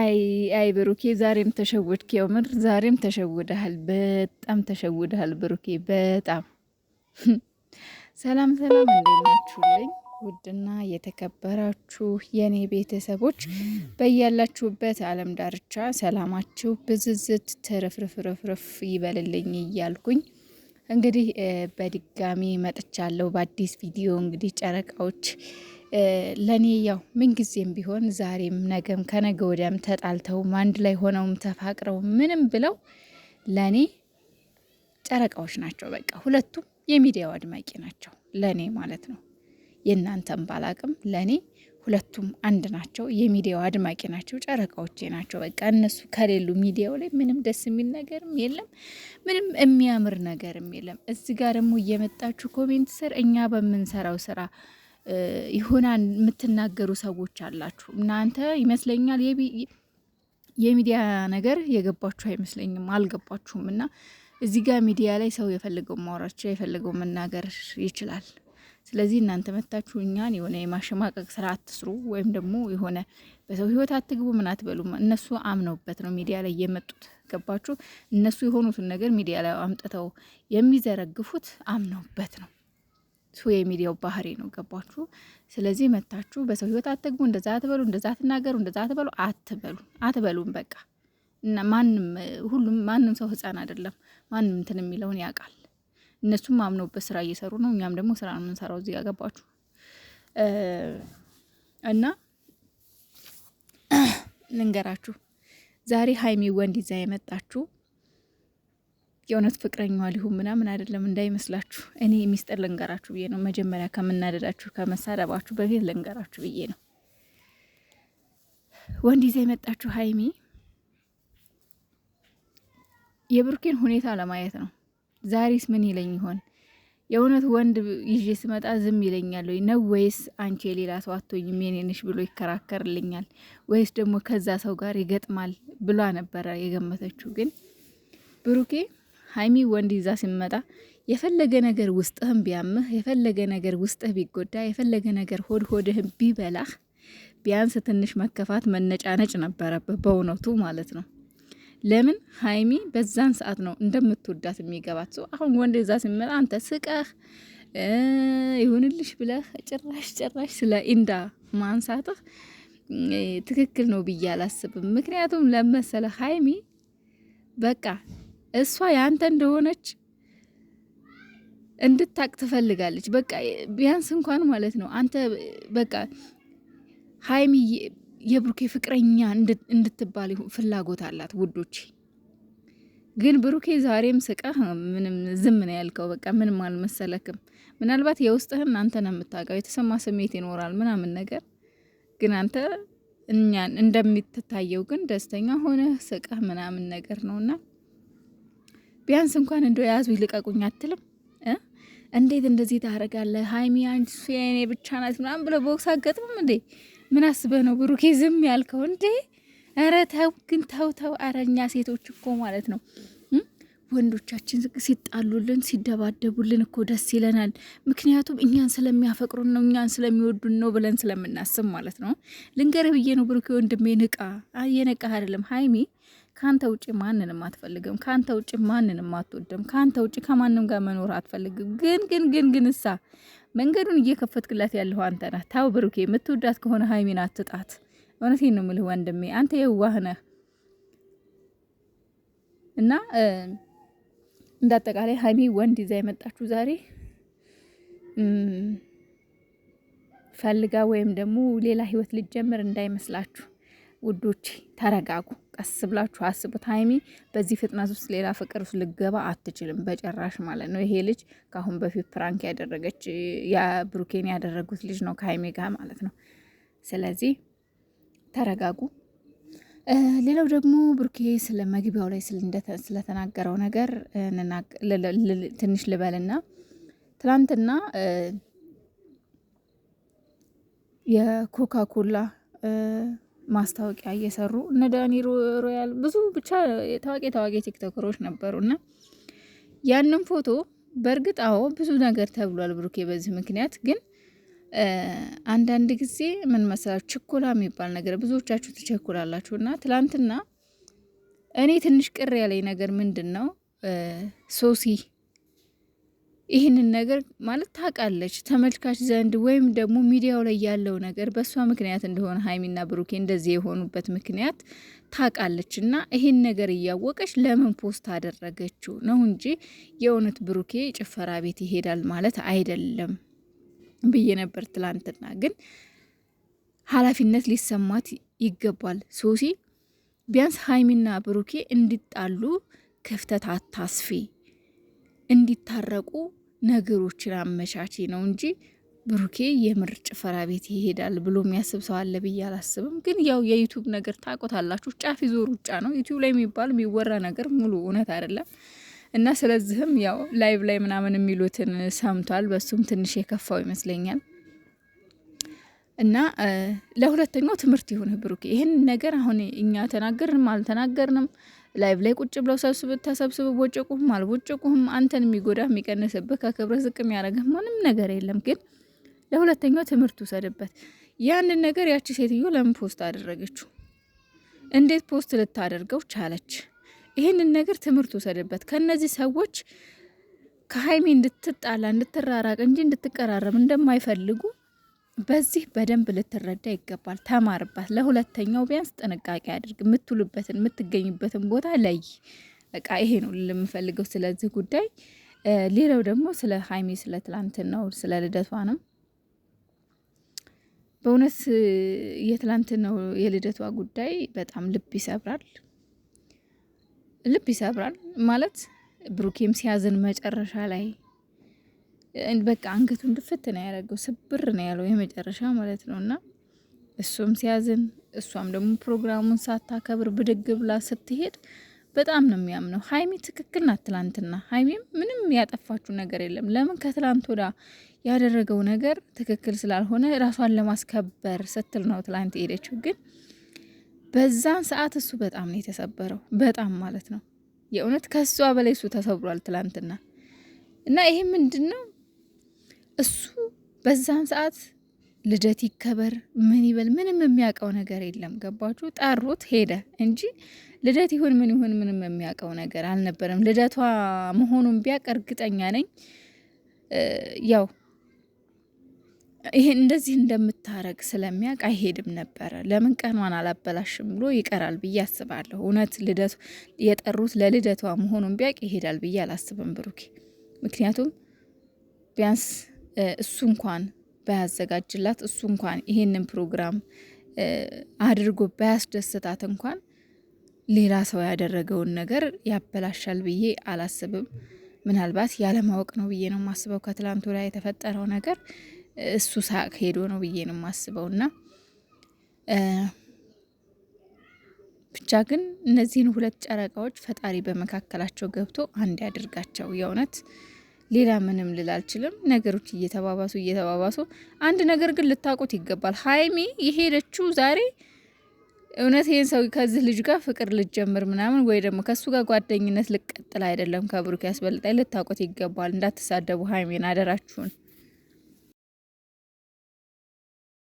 አይ አይ ብሩኬ ዛሬም ተሸወድክ። የምር ዛሬም ተሸውደሃል፣ በጣም ተሸውደሃል ብሩኬ በጣም ሰላም ሰላም፣ እንዴት ናችሁልኝ? ውድና የተከበራችሁ የኔ ቤተሰቦች በያላችሁበት ዓለም ዳርቻ ሰላማችሁ ብዝዝት ትርፍርፍርፍርፍ ይበልልኝ እያልኩኝ እንግዲህ በድጋሚ መጥቻለሁ በአዲስ ቪዲዮ እንግዲህ ጨረቃዎች ለእኔ ያው ምንጊዜም ቢሆን ዛሬም፣ ነገም፣ ከነገ ወዲያም ተጣልተውም አንድ ላይ ሆነውም ተፋቅረው ምንም ብለው ለእኔ ጨረቃዎች ናቸው። በቃ ሁለቱም የሚዲያው አድማቂ ናቸው ለእኔ ማለት ነው። የእናንተም ባላቅም ለእኔ ሁለቱም አንድ ናቸው። የሚዲያው አድማቂ ናቸው፣ ጨረቃዎቼ ናቸው። በቃ እነሱ ከሌሉ ሚዲያው ላይ ምንም ደስ የሚል ነገርም የለም፣ ምንም የሚያምር ነገርም የለም። እዚህ ጋር ደግሞ እየመጣችሁ ኮሜንት ስር እኛ በምንሰራው ስራ ይሆናል የምትናገሩ ሰዎች አላችሁ እናንተ ይመስለኛል። የሚዲያ ነገር የገባችሁ አይመስለኝም፣ አልገባችሁም። እና እዚህ ጋር ሚዲያ ላይ ሰው የፈለገው ማውራት የፈለገው መናገር ይችላል። ስለዚህ እናንተ መታችሁ እኛን የሆነ የማሸማቀቅ ስራ አትስሩ፣ ወይም ደግሞ የሆነ በሰው ህይወት አትግቡ፣ ምን አትበሉ። እነሱ አምነውበት ነው ሚዲያ ላይ የመጡት። ገባችሁ? እነሱ የሆኑትን ነገር ሚዲያ ላይ አምጥተው የሚዘረግፉት አምነውበት ነው። እሱ የሚዲያው ባህሪ ነው። ገባችሁ? ስለዚህ መታችሁ በሰው ህይወት አትግቡ። እንደዛ አትበሉ፣ እንደዛ አትናገሩ፣ እንደዛ አትበሉ፣ አትበሉ፣ አትበሉም። በቃ እና ማንም ሁሉም ማንም ሰው ህፃን አይደለም። ማንም እንትን የሚለውን ያውቃል። እነሱም አምነውበት ስራ እየሰሩ ነው። እኛም ደግሞ ስራ ነው የምንሰራው። እዚህ ያገባችሁ እና ልንገራችሁ ዛሬ ሀይሚ ወንድ ይዛ የመጣችሁ የእውነት ፍቅረኛ ሊሁን ምናምን አይደለም እንዳይመስላችሁ። እኔ ሚስጥር ልንገራችሁ ብዬ ነው። መጀመሪያ ከምናደዳችሁ ከመሳደባችሁ በፊት ልንገራችሁ ብዬ ነው። ወንድ ይዛ የመጣችሁ ሀይሚ የብሩኬን ሁኔታ ለማየት ነው። ዛሬስ ምን ይለኝ ይሆን? የእውነት ወንድ ይዤ ስመጣ ዝም ይለኛል ወይ ነው ወይስ አንቺ የሌላ ሰው አትሆኝም የኔ ነሽ ብሎ ይከራከርልኛል ወይስ ደግሞ ከዛ ሰው ጋር ይገጥማል ብሏ ነበረ የገመተችው ግን ብሩኬ ሀይሚ ወንድ ይዛ ሲመጣ የፈለገ ነገር ውስጥህም ቢያምህ የፈለገ ነገር ውስጥህ ቢጎዳ የፈለገ ነገር ሆድ ሆድህም ቢበላህ ቢያንስ ትንሽ መከፋት መነጫነጭ ነበረብህ፣ በእውነቱ ማለት ነው። ለምን ሀይሚ በዛን ሰዓት ነው እንደምትወዳት የሚገባት ሰው። አሁን ወንድ ይዛ ሲመጣ አንተ ስቀህ ይሁንልሽ ብለህ ጭራሽ ጭራሽ ስለ ኢንዳ ማንሳትህ ትክክል ነው ብዬ አላስብም። ምክንያቱም ለመሰለ ሀይሚ በቃ እሷ ያንተ እንደሆነች እንድታቅ ትፈልጋለች። በቃ ቢያንስ እንኳን ማለት ነው አንተ በቃ ሀይሚ የብሩኬ ፍቅረኛ እንድትባል ፍላጎት አላት። ውዶች ግን ብሩኬ ዛሬም ስቀህ ምንም ዝም ነው ያልከው። በቃ ምንም አልመሰለክም። ምናልባት የውስጥህን አንተ ነው የምታውቀው። የተሰማ ስሜት ይኖራል ምናምን ነገር ግን አንተ እኛን እንደሚትታየው ግን ደስተኛ ሆነህ ስቀህ ምናምን ነገር ነውና ቢያንስ እንኳን እንደው የያዙ ይልቀቁኝ አትልም። እንዴት እንደዚህ ታደርጋለህ ሀይሚ? አንቺ የኔ ብቻ ናት ምናምን ብሎ ቦክስ አገጥምም እንዴ? ምን አስበህ ነው ብሩኬ ዝም ያልከው እንዴ? ኧረ ተው ግን ተው ተው። ኧረ እኛ ሴቶች እኮ ማለት ነው ወንዶቻችን ሲጣሉልን ሲደባደቡልን እኮ ደስ ይለናል። ምክንያቱም እኛን ስለሚያፈቅሩን ነው እኛን ስለሚወዱን ነው ብለን ስለምናስብ ማለት ነው። ልንገርህ ብዬ ነው ብሩኬ ወንድሜ፣ ንቃ። የነቃህ አይደለም ሀይሚ ከአንተ ውጭ ማንንም አትፈልግም። ከአንተ ውጭ ማንንም አትወድም። ከአንተ ውጭ ከማንም ጋር መኖር አትፈልግም። ግን ግን ግን ግን እሳ መንገዱን እየከፈትክላት ያለሁ አንተ ናት። ታው ብሩኬ የምትወዳት ከሆነ ሀይሚን አትጣት። እውነት ነው ምልህ ወንድሜ፣ አንተ የዋህ ነህ እና እንደ አጠቃላይ ሀይሚ ወንድ ይዛ የመጣችሁ ዛሬ ፈልጋ ወይም ደግሞ ሌላ ህይወት ልጀምር እንዳይመስላችሁ። ውዶች ተረጋጉ። ቀስ ብላችሁ አስቡት። ሀይሚ በዚህ ፍጥነት ውስጥ ሌላ ፍቅር ውስጥ ልገባ አትችልም በጭራሽ ማለት ነው። ይሄ ልጅ ከአሁን በፊት ፕራንክ ያደረገች ብሩኬን ያደረጉት ልጅ ነው ከሀይሜ ጋር ማለት ነው። ስለዚህ ተረጋጉ። ሌላው ደግሞ ብሩኬ ስለ መግቢያው ላይ ስለተናገረው ነገር ትንሽ ልበልና ትናንትና የኮካ ኮላ ማስታወቂያ እየሰሩ እነ ዳኒ ሮያል ብዙ ብቻ ታዋቂ ታዋቂ ቲክቶከሮች ነበሩ እና ያንን ፎቶ በእርግጥ አዎ ብዙ ነገር ተብሏል ብሩኬ። በዚህ ምክንያት ግን አንዳንድ ጊዜ ምን መሰላችሁ ችኮላ የሚባል ነገር ብዙዎቻችሁ ትቸኩላላችሁ። እና ትላንትና እኔ ትንሽ ቅር ያለኝ ነገር ምንድን ነው ሶሲ ይህንን ነገር ማለት ታውቃለች ተመልካች ዘንድ ወይም ደግሞ ሚዲያው ላይ ያለው ነገር በእሷ ምክንያት እንደሆነ ሀይሚና ብሩኬ እንደዚህ የሆኑበት ምክንያት ታውቃለች እና ይህን ነገር እያወቀች ለምን ፖስት አደረገችው ነው እንጂ የእውነት ብሩኬ ጭፈራ ቤት ይሄዳል ማለት አይደለም ብዬ ነበር ትላንትና። ግን ኃላፊነት ሊሰማት ይገባል ሶሲ። ቢያንስ ሀይሚና ብሩኬ እንዲጣሉ ክፍተት አታስፊ እንዲታረቁ ነገሮችን አመቻቼ ነው እንጂ ብሩኬ የምር ጭፈራ ቤት ይሄዳል ብሎ የሚያስብ ሰው አለ ብዬ አላስብም። ግን ያው የዩቱብ ነገር ታቆታላችሁ፣ ጫፊ ዞር ውጫ ነው። ዩቱብ ላይ የሚባል የሚወራ ነገር ሙሉ እውነት አይደለም እና ስለዚህም ያው ላይቭ ላይ ምናምን የሚሉትን ሰምቷል። በሱም ትንሽ የከፋው ይመስለኛል። እና ለሁለተኛው ትምህርት የሆነ ብሩኬ ይህን ነገር አሁን እኛ ተናገርንም አልተናገርንም ላይቭ ላይ ቁጭ ብለው ሰብስብ ተሰብስብ ቦጨቁህም አልቦጨቁህም አንተን የሚጎዳ የሚቀንስብህ ከክብረ ዝቅ የሚያደርግህ ምንም ነገር የለም። ግን ለሁለተኛው ትምህርት ውሰድበት። ያንን ነገር ያቺ ሴትዮ ለምን ፖስት አደረገችው? እንዴት ፖስት ልታደርገው ቻለች? ይህንን ነገር ትምህርት ውሰድበት። ከነዚህ ሰዎች ከሀይሜ እንድትጣላ እንድትራራቅ እንጂ እንድትቀራረብ እንደማይፈልጉ በዚህ በደንብ ልትረዳ ይገባል። ተማርባት። ለሁለተኛው ቢያንስ ጥንቃቄ አድርግ። የምትውልበትን የምትገኝበትን ቦታ ለይ። በቃ ይሄ ነው የምፈልገው ስለዚህ ጉዳይ። ሌላው ደግሞ ስለ ሀይሚ ስለ ትላንትናው ስለ ነው። በእውነት የትላንትናው የልደቷ ጉዳይ በጣም ልብ ይሰብራል። ልብ ይሰብራል ማለት ብሩኬም ሲያዝን መጨረሻ ላይ በቃ አንገቱ ድፍት ነው ያደረገው፣ ስብር ነው ያለው የመጨረሻ ማለት ነው። እና እሱም ሲያዝን እሷም ደግሞ ፕሮግራሙን ሳታከብር ብድግ ብላ ስትሄድ በጣም ነው የሚያምነው። ሀይሚ ትክክል ናት። ትላንትና ሀይሚም ምንም ያጠፋችሁ ነገር የለም። ለምን ከትላንት ወዳ ያደረገው ነገር ትክክል ስላልሆነ ራሷን ለማስከበር ስትል ነው ትላንት የሄደችው። ግን በዛን ሰዓት እሱ በጣም ነው የተሰበረው፣ በጣም ማለት ነው። የእውነት ከሷ በላይ እሱ ተሰብሯል ትላንትና። እና ይሄ ምንድን ነው እሱ በዛን ሰዓት ልደት ይከበር ምን ይበል ምንም የሚያውቀው ነገር የለም። ገባችሁ? ጠሩት ሄደ እንጂ ልደት ይሁን ምን ይሁን ምንም የሚያውቀው ነገር አልነበረም። ልደቷ መሆኑን ቢያውቅ እርግጠኛ ነኝ ያው ይሄ እንደዚህ እንደምታረግ ስለሚያውቅ አይሄድም ነበረ። ለምን ቀኗን አላበላሽም ብሎ ይቀራል ብዬ አስባለሁ። እውነት ልደቱ የጠሩት ለልደቷ መሆኑን ቢያውቅ ይሄዳል ብዬ አላስብም ብሩኬ። ምክንያቱም ቢያንስ እሱ እንኳን ባያዘጋጅላት እሱ እንኳን ይሄንን ፕሮግራም አድርጎ ባያስደስታት እንኳን ሌላ ሰው ያደረገውን ነገር ያበላሻል ብዬ አላስብም። ምናልባት ያለማወቅ ነው ብዬ ነው ማስበው። ከትላንቱ ላይ የተፈጠረው ነገር እሱ ሳቅ ሄዶ ነው ብዬ ነው ማስበው እና ብቻ ግን እነዚህን ሁለት ጨረቃዎች ፈጣሪ በመካከላቸው ገብቶ አንድ ያድርጋቸው የእውነት ሌላ ምንም ልል አልችልም። ነገሮች እየተባባሱ እየተባባሱ አንድ ነገር ግን ልታውቁት ይገባል። ሀይሚ የሄደችው ዛሬ እውነት ይህን ሰው ከዚህ ልጅ ጋር ፍቅር ልጀምር ምናምን ወይ ደግሞ ከእሱ ጋር ጓደኝነት ልቀጥል አይደለም፣ ከብሩክ ያስበልጣይ ልታውቁት ይገባል። እንዳትሳደቡ ሀይሜን አደራችሁን።